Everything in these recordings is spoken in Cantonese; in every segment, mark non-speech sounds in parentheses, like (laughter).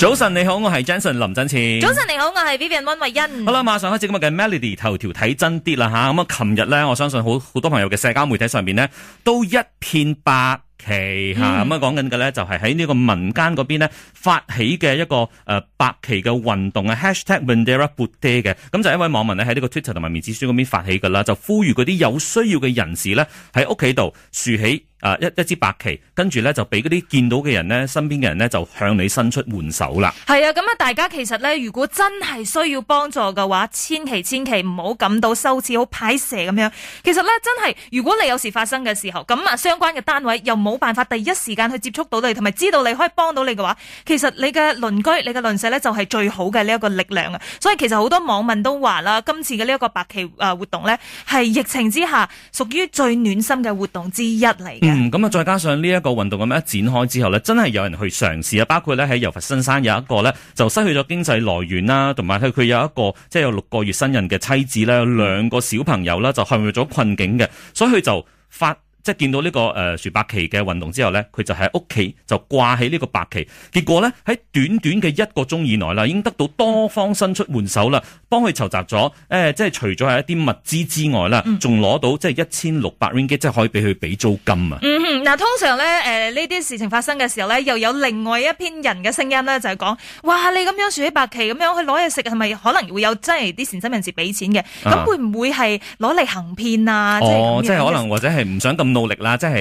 早晨你好，我係 Jenson 林振慈。早晨你好，我係 Vivian 溫慧欣。好啦，馬上開始今日嘅 Melody 頭條睇真啲啦吓。咁啊，琴日咧，我相信好好多朋友嘅社交媒體上邊呢，都一片白旗吓。咁啊，講緊嘅咧，就係喺呢個民間嗰邊呢，發起嘅一個誒、呃、白旗嘅運動啊。Hashtag Bendera Putih 嘅，咁就係一位網民咧喺呢個 Twitter 同埋面書嗰邊發起噶啦，就呼籲嗰啲有需要嘅人士咧喺屋企度豎起。啊！一一支白旗，跟住咧就俾嗰啲見到嘅人呢，身邊嘅人呢，就向你伸出援手啦。係啊，咁啊，大家其實呢，如果真係需要幫助嘅話，千祈千祈唔好感到羞恥，好排蛇咁樣。其實呢，真係如果你有事發生嘅時候，咁啊，相關嘅單位又冇辦法第一時間去接觸到你，同埋知道你可以幫到你嘅話，其實你嘅鄰居、你嘅鄰舍呢，就係最好嘅呢一個力量啊。所以其實好多網民都話啦，今次嘅呢一個白旗啊活動呢，係疫情之下屬於最暖心嘅活動之一嚟。嗯嗯，咁啊，再加上呢一個運動咁樣一展開之後呢真係有人去嘗試啊，包括呢喺柔佛新山有一個呢就失去咗經濟來源啦，同埋佢有一個即係、就是、有六個月身孕嘅妻子咧，有兩個小朋友啦，就陷入咗困境嘅，所以佢就發。即係見到呢、呢個誒豎、呃、白旗嘅運動之後呢，佢就喺屋企就掛起呢個白旗。結果呢，喺短短嘅一個鐘以內啦，已經得到多方伸出援手啦，幫佢籌集咗誒、呃，即係除咗係一啲物資之外啦，仲攞、嗯、到即係一千六百 ringgit，即係可以俾佢俾租金、嗯嗯、啊！嗱，通常咧誒呢啲、呃、事情發生嘅時候呢，又有另外一篇人嘅聲音呢，就係、是、講：哇，你咁樣豎起白旗咁樣去攞嘢食，係咪可能會有真係啲善心人士俾錢嘅？咁、啊、會唔會係攞嚟行騙啊？哦哦、即係可能或者係唔想咁。努力啦，即係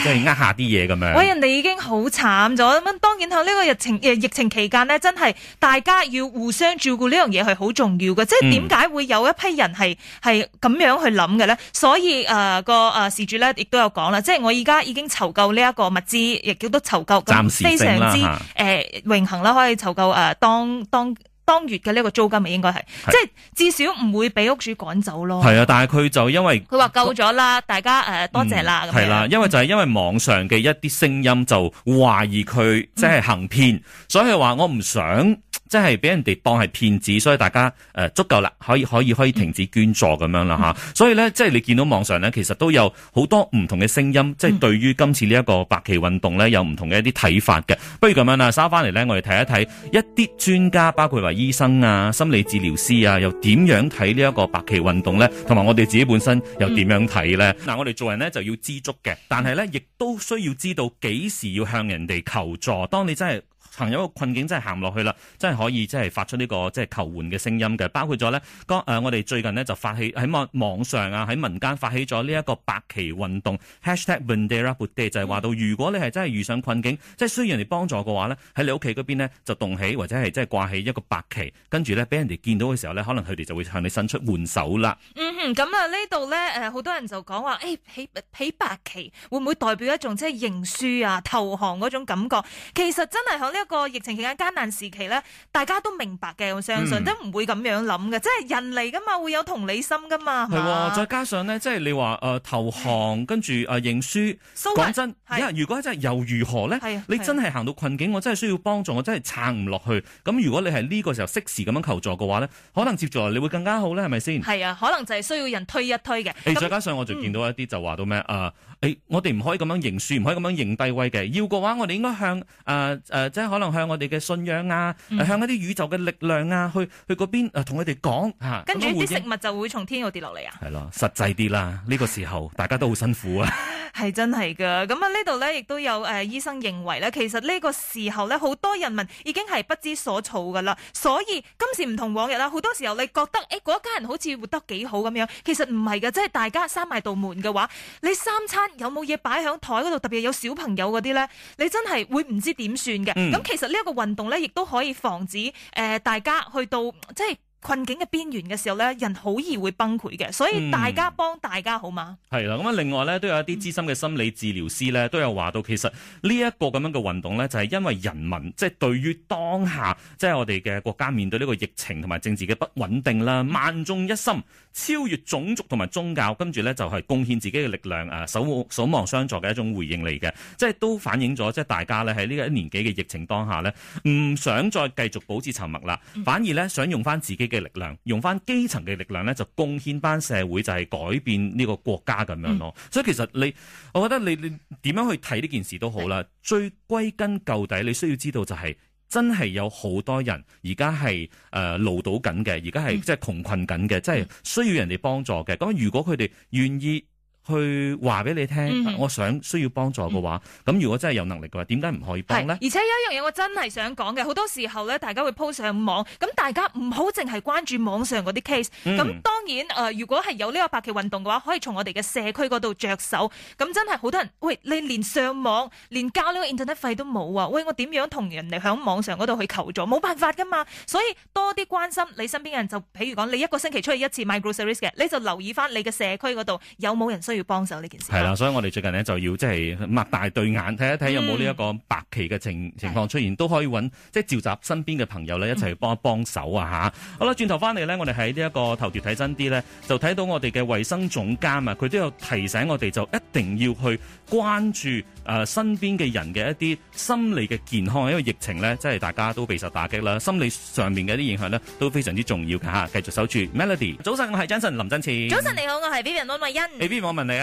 誒，即係呃下啲嘢咁樣。喂、 (laughs) 呃，人哋已經好慘咗咁，當然響呢個疫情誒、疫情期間咧，真係大家要互相照顧呢樣嘢係好重要噶。即係點解會有一批人係係咁樣去諗嘅咧？所以誒、呃、個誒事、啊、主咧亦都有講啦，即係我而家已經籌夠呢一個物資，亦都籌夠，暫時非常之誒榮幸啦，可以籌夠誒當、呃、當。當當當月嘅呢個租金咪應該係，是即係至少唔會俾屋主趕走咯。係啊，但係佢就因為佢話救咗啦，都大家誒、呃、多謝啦係啦，嗯啊、樣因為就係因為網上嘅一啲聲音就懷疑佢即係行騙，嗯、所以話我唔想。即係俾人哋當係騙子，所以大家誒、呃、足夠啦，可以可以可以停止捐助，咁樣啦吓。嗯、所以呢，即係你見到網上呢，其實都有好多唔同嘅聲音，嗯、即係對於今次呢一個白旗運動呢，有唔同嘅一啲睇法嘅。不如咁樣啊，稍後翻嚟呢，我哋睇一睇一啲專家，包括話醫生啊、心理治療師啊，又點樣睇呢一個白旗運動呢？同埋我哋自己本身又點樣睇呢？嗱、嗯，我哋做人呢，就要知足嘅，但係呢，亦都需要知道幾時要向人哋求助。當你真係。朋友有個困境真係行唔落去啦，真係可以即係發出呢個即係求援嘅聲音嘅，包括咗呢。剛、呃、我哋最近呢就發起喺網上啊，喺民間發起咗呢一個白旗運動，hashtag when they are put down 就係話到，如果你係真係遇上困境，即係需要人哋幫助嘅話呢，喺你屋企嗰邊咧就動起或者係即係掛起一個白旗，跟住呢，俾人哋見到嘅時候呢，可能佢哋就會向你伸出援手啦、嗯。嗯咁啊呢度呢，誒、呃、好多人就講話，誒、欸、起，起白旗會唔會代表一種即係認輸啊投降嗰種感覺？其實真係響呢個疫情期間艱難時期咧，大家都明白嘅，我相信都唔會咁樣諗嘅，即係人嚟噶嘛，會有同理心噶嘛。係，再加上咧，即係你話誒投降，跟住誒認輸。講真，如果真係又如何咧？係啊，你真係行到困境，我真係需要幫助，我真係撐唔落去。咁如果你係呢個時候適時咁樣求助嘅話咧，可能接住落嚟你會更加好咧，係咪先？係啊，可能就係需要人推一推嘅。再加上我就見到一啲就話到咩啊？誒、欸，我哋唔可以咁樣認輸，唔可以咁樣認低位嘅。要嘅話，我哋應該向誒誒、呃呃，即係可能向我哋嘅信仰啊，嗯、向一啲宇宙嘅力量啊，去去嗰邊誒，同佢哋講。跟住啲、啊、食物就會從天嗰度跌落嚟啊！係咯、嗯，實際啲啦，呢、這個時候大家都好辛苦啊。 (laughs) 係真係噶，咁啊呢度呢，亦都有誒、呃、醫生認為呢，其實呢個時候呢，好多人民已經係不知所措噶啦。所以今時唔同往日啦，好多時候你覺得誒嗰一家人好似活得幾好咁樣，其實唔係嘅，即係大家閂埋道門嘅話，你三餐有冇嘢擺喺台嗰度，特別有小朋友嗰啲呢，你真係會唔知點算嘅。咁、嗯、其實呢一個運動呢，亦都可以防止誒、呃、大家去到即係。困境嘅邊緣嘅時候咧，人好易會崩潰嘅，所以大家幫大家、嗯、好嘛嗎？係啦，咁啊，另外咧都有一啲資深嘅心理治療師咧，都有話到，其實這這呢一個咁樣嘅運動咧，就係、是、因為人民即係、就是、對於當下即係、就是、我哋嘅國家面對呢個疫情同埋政治嘅不穩定啦，萬眾一心。超越種族同埋宗教，跟住呢就係貢獻自己嘅力量，啊，守望守望相助嘅一種回應嚟嘅，即係都反映咗，即係大家咧喺呢個一年幾嘅疫情當下呢，唔想再繼續保持沉默啦，反而呢想用翻自己嘅力量，用翻基層嘅力量呢，就貢獻翻社會，就係改變呢個國家咁樣咯。嗯、所以其實你，我覺得你你點樣去睇呢件事都好啦，最歸根究底你需要知道就係、是。真係有好多人，而家係誒勞到緊嘅，而家係即係窮困緊嘅，即係需要人哋幫助嘅。咁如果佢哋願意。去話俾你聽，我想需要幫助嘅話，咁、嗯、如果真係有能力嘅話，點解唔可以幫呢？而且有一樣嘢我真係想講嘅，好多時候咧，大家會鋪上網，咁大家唔好淨係關注網上嗰啲 case、嗯。咁當然、呃、如果係有呢個白旗運動嘅話，可以從我哋嘅社區嗰度着手。咁真係好多人，喂，你連上網，連交呢個 internet 費都冇啊！喂，我點樣同人哋喺網上嗰度去求助？冇辦法噶嘛。所以多啲關心你身邊嘅人就，就譬如講，你一個星期出去一次買 groceries 嘅，你就留意翻你嘅社區嗰度有冇人需。要幫手呢件事係啦，所以我哋最近呢，就要即係擘大對眼睇一睇，有冇呢一個白旗嘅情情況出現，都可以揾，即係召集身邊嘅朋友呢，一齊幫一幫手啊！吓，好啦，轉頭翻嚟，呢我哋喺呢一個頭條睇真啲呢，就睇到我哋嘅衛生總監啊，佢都有提醒我哋，就一定要去關注誒，身邊嘅人嘅一啲心理嘅健康，因為疫情呢，即係大家都備受打擊啦，心理上面嘅一啲影響呢，都非常之重要嘅吓。繼續守住 Melody。早晨，我係 Jason 林振詞。早晨你好，我係 Vivian 安慧欣。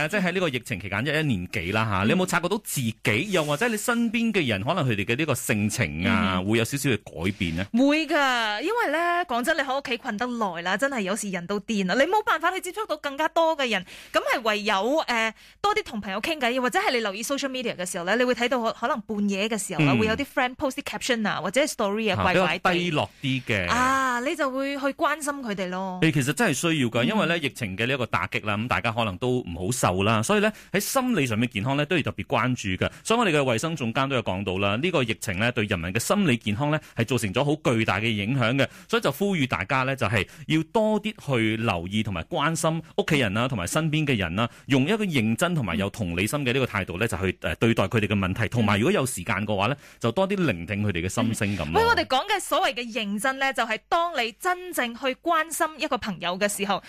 即係喺呢個疫情期間一一年幾啦吓、嗯、你有冇察覺到自己，又或者你身邊嘅人，可能佢哋嘅呢個性情啊，嗯、哼會有少少嘅改變呢？會㗎，因為咧講真，你喺屋企困得耐啦，真係有時人都癲啦，你冇辦法去接觸到更加多嘅人，咁係唯有、呃、多啲同朋友傾偈，或者係你留意 social media 嘅時候咧，你會睇到可能半夜嘅時候會、嗯、會有啲 friend post caption 啊，或者 story 啊，嗯、怪怪哋低落啲嘅啊，你就會去關心佢哋咯、欸。其實真係需要㗎，因為呢、嗯、疫情嘅呢一個打擊啦，咁大家可能都唔好。受啦，所以咧，喺心理上面健康咧都要特別關注嘅，所以我哋嘅衛生總監都有講到啦，呢個疫情呢，對人民嘅心理健康呢係造成咗好巨大嘅影響嘅，所以就呼籲大家呢，就係要多啲去留意同埋關心屋企人啦，同埋身邊嘅人啦，用一個認真同埋有同理心嘅呢個態度呢，就去誒對待佢哋嘅問題，同埋如果有時間嘅話呢，就多啲聆聽佢哋嘅心聲咁。喂、嗯，我哋講嘅所謂嘅認真呢，就係當你真正去關心一個朋友嘅時候。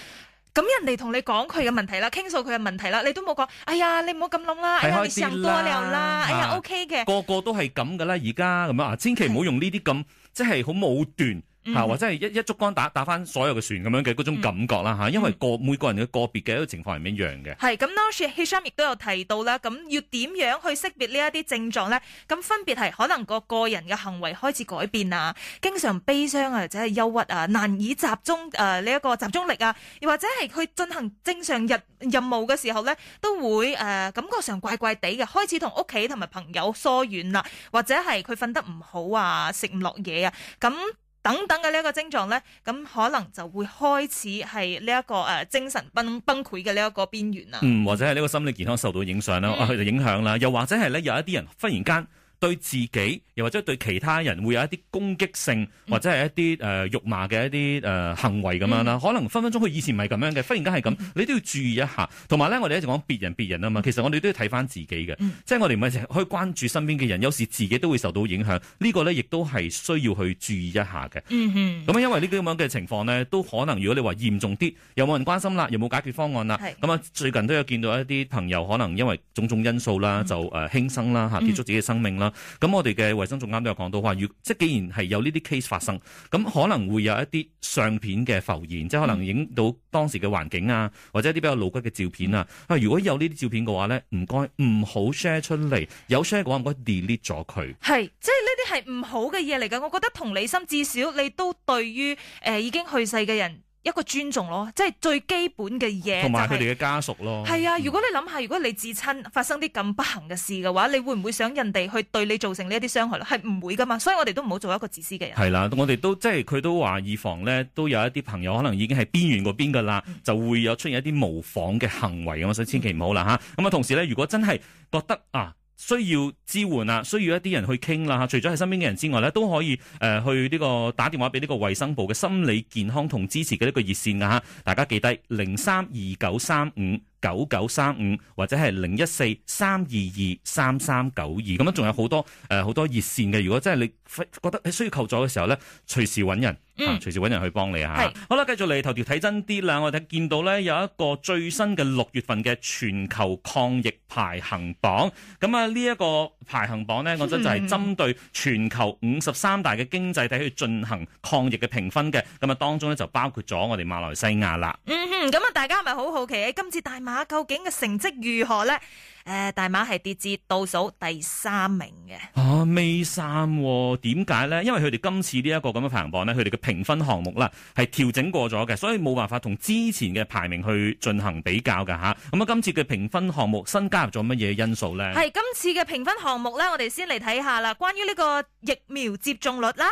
咁人哋同你講佢嘅問題啦，傾訴佢嘅問題啦，你都冇講。哎呀，你唔好咁諗啦。哎呀，你事多你啦。哎呀，OK 嘅。個個都係咁噶啦，而家咁樣啊，千祈唔好用呢啲咁，即係好武斷。吓，或者係一一竹竿打打翻所有嘅船咁樣嘅嗰種感覺啦吓，因為個每個人嘅個別嘅一個情況係唔一樣嘅。係咁，當時醫生亦都有提到啦，咁要點樣去識別呢一啲症狀咧？咁分別係可能個個人嘅行為開始改變啊，經常悲傷啊，或者係憂鬱啊，難以集中誒呢一個集中力啊，又或者係佢進行正常任任務嘅時候咧，都會誒、呃、感覺上怪怪地嘅，開始同屋企同埋朋友疏遠啦，啊，或者係佢瞓得唔好啊，食唔落嘢啊，咁。等等嘅呢一個症狀咧，咁可能就會開始係呢一個誒精神崩崩潰嘅呢一個邊緣啦。嗯，或者係呢個心理健康受到影響啦，嗯、啊影響啦，又或者係咧有一啲人忽然間，對自己又或者對其他人會有一啲攻擊性，或者係一啲誒、呃、辱罵嘅一啲誒、呃、行為咁樣啦。嗯、可能分分鐘佢以前唔係咁樣嘅，忽然間係咁，嗯、你都要注意一下。同埋咧，我哋一直講別人，別人啊嘛。其實我哋都要睇翻自己嘅，嗯、即係我哋唔係成日可以關注身邊嘅人，有時自己都會受到影響。這個、呢個咧亦都係需要去注意一下嘅。咁、嗯嗯、因為呢啲咁樣嘅情況呢，都可能如果你話嚴重啲，又有冇人關心啦？又有冇解決方案啦？咁啊是，最近都有見到一啲朋友可能因為種種因素啦，就輕、嗯呃、生啦，結束自己嘅生命啦。咁我哋嘅衛生總監都有講到話，如即係既然係有呢啲 case 發生，咁可能會有一啲相片嘅浮現，即係可能影到當時嘅環境啊，或者一啲比較老骨嘅照片啊。啊，如果有呢啲照片嘅話咧，唔該唔好 share 出嚟，有 share 嘅話唔該 delete 咗佢。係，即係呢啲係唔好嘅嘢嚟嘅。我覺得同理心，至少你都對於誒、呃、已經去世嘅人。一個尊重咯，即係最基本嘅嘢，就是。同埋佢哋嘅家屬咯。係啊，如果你諗下，如果你至親發生啲咁不幸嘅事嘅話，你會唔會想人哋去對你造成呢一啲傷害咧？係唔會噶嘛，所以我哋都唔好做一個自私嘅人。係啦、啊，我哋都即係佢都話，以防咧都有一啲朋友可能已經係邊緣嗰邊噶啦，嗯、就會有出現一啲模仿嘅行為咁，所以千祈唔好啦吓。咁啊，同時咧，如果真係覺得啊。需要支援啊，需要一啲人去傾啦吓，除咗係身邊嘅人之外咧，都可以誒、呃、去呢個打電話俾呢個衛生部嘅心理健康同支持嘅呢個熱線啊吓，大家記低零三二九三五，九九三五或者係零一四三二二三三九二，咁樣，仲有好多、呃、好多熱線嘅。如果真係你覺得你需要求助嘅時候呢，隨時揾人，隨、嗯、隨時揾人去幫你吓，係是好啦，繼續嚟頭條睇真啲啦。我哋見到呢，有一個最新嘅六月份嘅全球抗疫排行榜。咁啊，呢一個排行榜呢，我覺得就係針對全球五十三大嘅經濟體去進行抗疫嘅評分嘅。咁啊，當中呢就包括咗我哋馬來西亞啦。嗯哼，咁啊，大家咪好好奇，今次大馬。究竟嘅成績如何呢？誒、呃，大馬係跌至倒數第三名嘅。啊，尾三、啊，點解呢？因為佢哋今次呢一個咁嘅排行榜咧，佢哋嘅評分項目啦係調整過咗嘅，所以冇辦法同之前嘅排名去進行比較噶吓。咁啊，啊今次嘅評分項目新加入咗乜嘢因素呢？係今次嘅評分項目呢，我哋先嚟睇下啦。關於呢個疫苗接種率啦，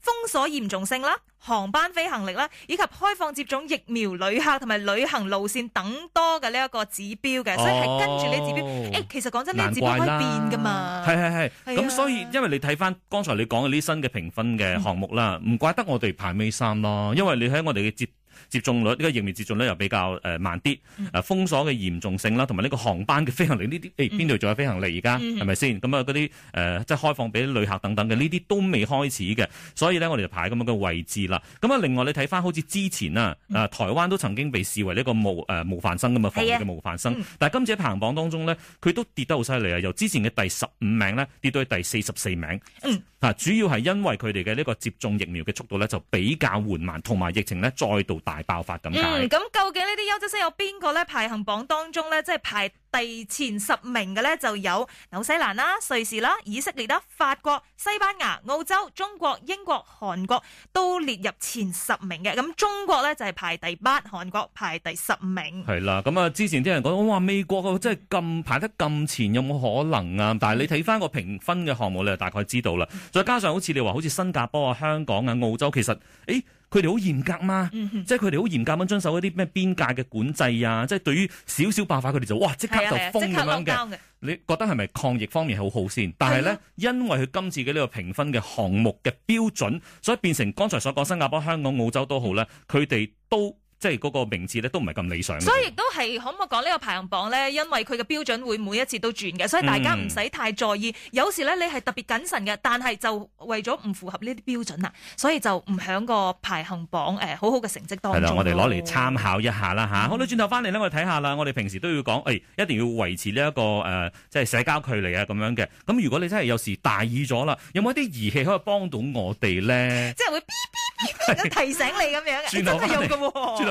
封鎖嚴重性啦，航班飛行力啦，以及開放接種疫苗、旅客同埋旅行路線等多嘅呢一個指標嘅，所以係跟住呢指標。誒、哦欸，其實講真，呢指標可以變㗎嘛。係係係，咁的所以因為你睇翻剛才你講嘅呢新嘅評分嘅項目啦，唔怪得我哋排尾三咯，因為你喺、嗯、我哋嘅接。接種率呢個疫苗接種率又比較誒慢啲，誒封鎖嘅嚴重性啦，同埋呢個航班嘅飛行力呢啲，誒邊度仲有飛行力而家係咪先？咁啊嗰啲誒即係開放俾旅客等等嘅呢啲都未開始嘅，所以呢，我哋就排咁樣嘅位置啦。咁啊另外你睇返好似之前啊，台灣都曾經被視為呢個模誒、呃、模範生㗎嘛，防疫嘅模範生，的但今次喺排行榜當中呢，佢都跌得好犀利啊！由之前嘅第十五名呢跌到去第四十四名。嗯、主要係因為佢哋嘅呢個接種疫苗嘅速度呢，就比較緩慢，同埋疫情呢再度大。爆發咁，嗯，咁究竟呢啲優質生有邊個咧？排行榜當中咧，即係排第前十名嘅咧，就有紐西蘭啦、瑞士啦、以色列啦、法國、西班牙、澳洲、中國、英國、韓國都列入前十名嘅。咁中國咧就係排第八，韓國排第十名。係啦，咁啊，之前啲人講，哇，美國即係咁排得咁前，有冇可能啊？但係你睇翻個評分嘅項目你就大概知道啦。再加上好似你話，好似新加坡啊、香港啊、澳洲，其實誒。欸佢哋好嚴格嘛，嗯、哼即係佢哋好嚴格咁遵守一啲咩邊界嘅管制啊！即、就、係、是、對於少少爆發，佢哋就哇即刻就封咁、啊啊、樣嘅。你覺得係咪抗疫方面好好先？但係咧，啊、因為佢今次嘅呢個評分嘅項目嘅標準，所以變成剛才所講新加坡、香港、澳洲好都好咧，佢哋都。即係嗰個名字咧，都唔係咁理想。所以亦都係，可唔可以講呢個排行榜咧？因為佢嘅標準會每一次都轉嘅，所以大家唔使太在意。嗯、有時咧，你係特別謹慎嘅，但係就為咗唔符合呢啲標準啦，所以就唔響個排行榜誒、呃，好好嘅成績當中。係啦，我哋攞嚟參考一下啦吓。啊嗯、好啦，轉頭翻嚟咧，我哋睇下啦。我哋平時都要講，誒、哎，一定要維持呢、這、一個誒，即、呃、係、就是、社交距離啊，咁樣嘅。咁如果你真係有時大意咗啦，有冇一啲儀器可以幫到我哋咧？即係會嗲嗲 (laughs) 提醒你咁樣嘅，轉 (laughs) 頭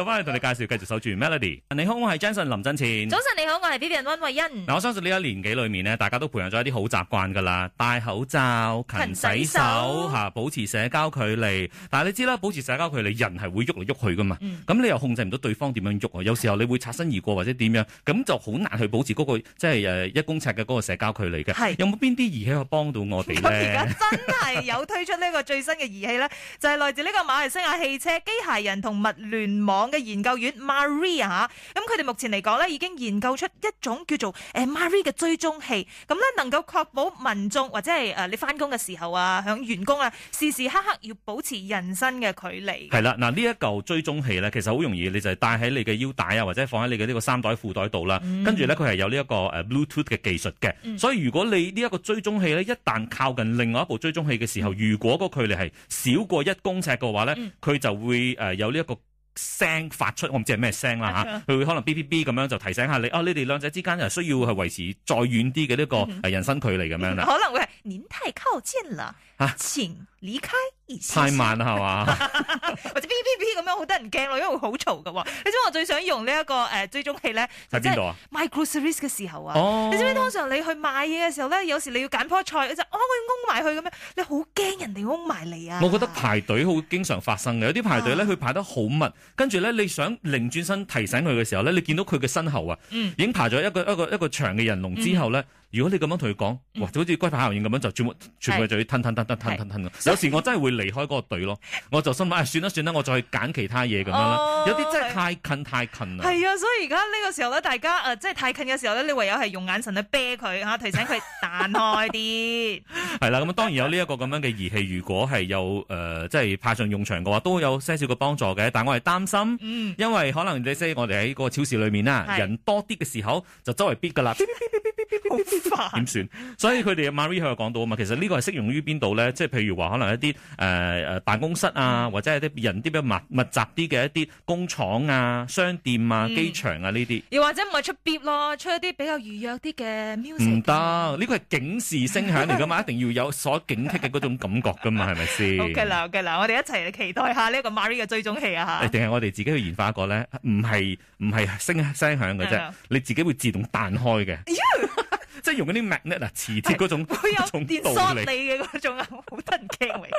翻嚟同你介紹，繼續守住 Melody。你好，我係 Jason 林振前。早晨你好，我係 B B 人温慧欣。嗱，我相信呢一年幾裏面呢，大家都培養咗一啲好習慣噶啦，戴口罩、勤洗手、吓保持社交距離。但係你知啦，保持社交距離，人係會喐嚟喐去噶嘛。咁、嗯、你又控制唔到對方點樣喐啊？有時候你會擦身而過或者點樣，咁就好難去保持嗰、那個即係誒一公尺嘅嗰個社交距離嘅。是有冇邊啲儀器去以幫到我哋咧？而家真係有推出呢個最新嘅儀器咧， (laughs) 就係來自呢、這個馬來西亞汽車、機械人同物聯網嘅研究院 Maria 吓，咁佢哋目前嚟講咧，已經研究出一種叫做誒 Maria 嘅追蹤器，咁咧能夠確保民眾或者係誒你翻工嘅時候啊，響員工啊，時時刻刻要保持人身嘅距離。係啦，嗱呢一嚿追蹤器咧，其實好容易，你就係戴喺你嘅腰帶啊，或者放喺你嘅呢個衫袋、褲袋度啦。跟住咧，佢係有呢一個誒 Bluetooth 嘅技術嘅。所以如果你呢一個追蹤器咧，一旦靠近另外一部追蹤器嘅時候，如果嗰個距離係少過一公尺。嘅話咧，佢就會誒有呢一個聲發出，我唔知係咩聲啦吓，佢、啊、會可能、BB、B P B 咁樣就提醒下你啊，你哋兩者之間就需要去維持再遠啲嘅呢個誒人生距離咁、嗯、哼樣啦。可能會係，您太靠近啦。請離、啊、開！太慢啦，係嘛？ (laughs) 或者 BBB 咁樣好得人驚咯，因為好嘈噶。你知我最想用最終呢一個誒追蹤器咧，喺邊度啊？Microservice 嘅時候啊，你知唔知？通常你去買嘢嘅時候咧，有時你要揀棵菜，就哦，佢擁埋去咁樣，你好驚人哋擁埋嚟啊！我覺得排隊好經常發生嘅，有啲排隊咧，佢、啊、排得好密，跟住咧，你想擰轉身提醒佢嘅時候咧，你見到佢嘅身後啊，嗯、已經排咗一個一個一個，一個長嘅人龍之後咧。嗯如果你咁樣同佢講，哇，就好似龜派考驗咁樣，就全部全部就要吞吞吞吞吞吞吞。有時我真係會離開嗰個隊咯，我就心諗，唉，算啦算啦，我再揀其他嘢咁樣啦。有啲真係太近太近啦。係啊，所以而家呢個時候咧，大家誒即係太近嘅時候咧，你唯有係用眼神去啤佢吓，提醒佢彈開啲。係啦，咁啊當然有呢一個咁樣嘅儀器，如果係有誒即係派上用場嘅話，都有些少嘅幫助嘅。但我係擔心，因為可能你知我哋喺個超市裏面啦，人多啲嘅時候，就周圍逼㗎啦。點算？ (laughs) 所以佢哋嘅 Mary 喺度講到啊嘛，其實這個是適呢個係適用於邊度咧？即係譬如話可能一啲誒誒辦公室啊，或者係啲人啲密密集啲嘅一啲工廠啊、商店啊、機、嗯、場啊呢啲。又或者唔係出碟咯，出一啲比較預約啲嘅 music。唔得，呢個係警示聲響嚟噶嘛， (laughs) 一定要有所警惕嘅嗰種感覺噶嘛，係咪先？OK 啦，好嘅啦，我哋一齊嚟期待下呢個 Mary 嘅追蹤器啊吓！定係我哋自己去研發一個咧？唔係唔係聲聲響嘅啫， (laughs) 你自己會自動彈開嘅。 (laughs) 即係用嗰啲 magnet 啊，磁鐵嗰種，會有電鎖你嘅嗰種啊，好得人驚。